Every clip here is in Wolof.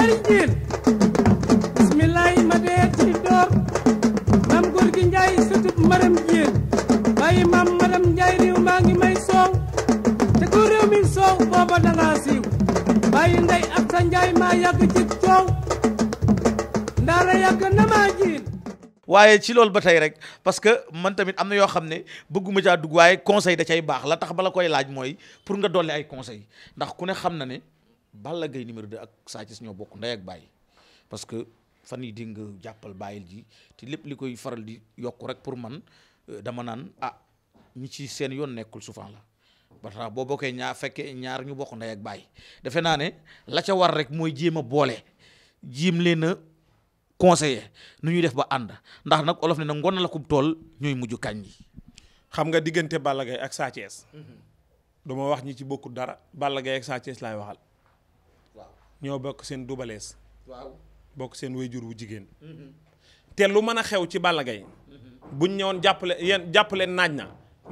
alal jiin bismillaay ma dee ci door maam góor gi njaay sëtub maram jiin bàyyi maam maram njaay réew maa ngi may soow te ko réew mi soow booba danga siiw bàyyi ndey ak sa njaay maa yàgg ci coow ndaara yàgg na maa jiin waaye ci loolu ba tey rek parce que man tamit am na yoo xam ne bëgguma caa dugg waaye conseil da cay baax la tax ba la koy laaj mooy pour nga dolli ay conseil ndax ku ne xam na ne Balla gay numéro 2 ak satis ño ñoo bokk ndey ak baye parce que fani di nga ji te lepp likoy faral di yok rek pour man euh, dama nan ah ñi ci seen yon nekul souvent la tax bo bokke ña fekke ñaar ñu bokk nday ak baye defé naa ne la ca war rek moy jima bolé jim leena conseiller nu ñuy def ba and ndax nak olof ne na ngon la ku tool ñooy muju kañ yi xam nga digënté Balla gay ak satis Thiès mhm. duma wax ñi ci bokku dara Balla gay ak satis lay waxal ñoo bokk seen dubalees waaw bokk seen wayjur wu jigéen mm-hmm. te lu mën a xew ci Balla Gaye mm-hmm. buñ ñëwoon jàppale yéen jàppale naaj na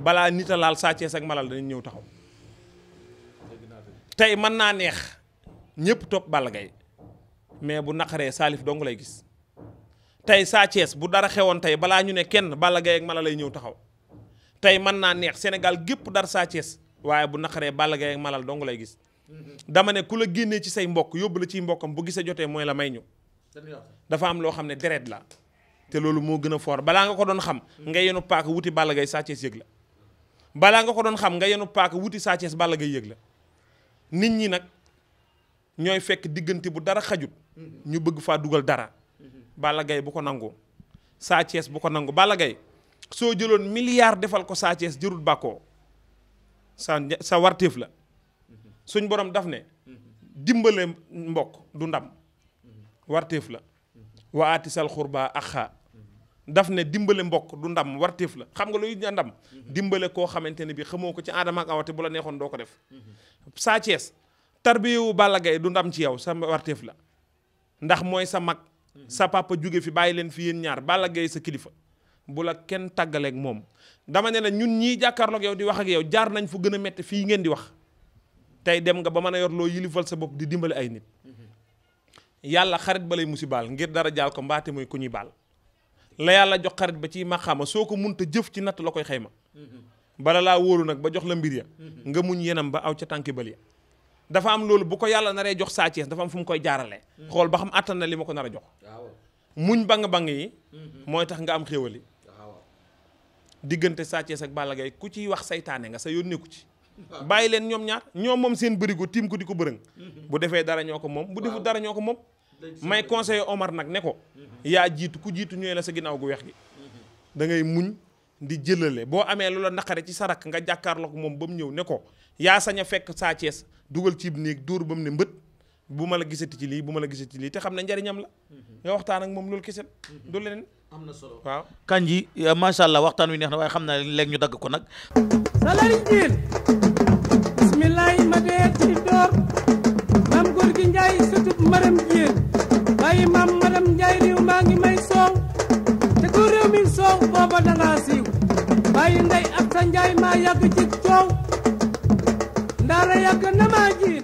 balaa nit a laal Sa Thiès ak malal dañu ñëw taxaw tey mën naa neex ñëpp topp Balla mais bu naqaree Salif dong lay gis tey Sa bu dara xewoon tey balaa ñu ne kenn Balla Gaye mala lay ñëw taxaw tey mën naa neex Sénégal gépp dar Sa Thiès waaye bu naqaree Balla Gaye ak malal dong lay gis dama ne ku la génnee ci say mbokk yóbbu la ciy mbokkam bu gisee Dafam mooy la may ñu dafa am loo xam ne deret la te loolu moo gën a foor nga ko xam nga wuti Balla Gaye Sa Thiès yëg la balaa nga ko xam nga wuti Sa Thiès Balla Gaye yëg la nit ñi nag ñooy fekk diggante bu dara xajut ñu bëgg dugal dara Balla Gaye bu ko nangu Sa Thiès bu ko nangu Balla Gaye milliard defal ko Sa Thiès jërul bako. sa sa warteef la suñ borom daf ne dimbale mbokk du ndam warteef la wa atisal xurbaa axaa daf ne dimbale mbokk du ndam warteef la xam nga luy ndam dimbale koo xamante ni bi xamoo ko ci aadama ak awate bu la neexoon doo ko def Sa Thiès tarbiyewu Balla Gaye du ndam ci yow sa warteef la ndax mooy sa mag sa papa jóge fi bàyyi leen fi yéen ñaar Balla Gaye sa kilifa bu la kenn tàggaleeg moom dama ne la ñun ñii jàkkaarloog yow di wax ak yow jaar nañ fu gën a metti fii ngeen di wax tay dem nga ba mëna yor lo yilifal sa bop di dimbali ay nit yalla xarit balay musibal ngir dara jaal ko mbaate muy ku bal la yalla jox xarit ba ci maqaama soko munta jëf ci nat la koy xeyma bala la woru nag ba jox la mbir ya nga muñ yenam ba aw ci tanki bal ya dafa am lolo bu ko yalla naré jox Sa ci dafa am fum koy jaaralee xol ba xam atana na li mako ko jox muñ bang-bang yi moy tax nga am xewali digënté Sa ci ak balagay ku ci wax saytane nga sa ci bàyyi leen ñoom ñaar ñoom moom seen bërigo tiim ko di ko bërëng bu defee dara ñoo ko moom bu defu dara ñoo ko moom may conseiller Omar nag ne ko yaa jiitu ku jiitu ñooy la sa ginnaaw gu weex gi da ngay muñ di jëlale boo amee lu la naqare ci sa rakk nga jàkkaarloo ko moom ba mu ñëw ne ko yaa sa ña fekk saa Cees dugal ciib néeg dóor ba mu ne mbët bu ma la gisati ci lii bu ma la gisati ci lii te xam ne njariñam la nga waxtaan ak moom loolu kese du leneen am na solo waaw Kandji macha waxtaan wi neex na waaye xam naa léegi ñu dagg ko nag salay jiin bismillaay ma dee ci door maam góor gi njaay sutub maram jiin bàyyi maam maram njaay riw maa ngi may soow te ku réew mi soow booba dangaa siiw bàyyi ndey ak sa njaay maa yàgg ci coow ndaara yàgg na maa jiin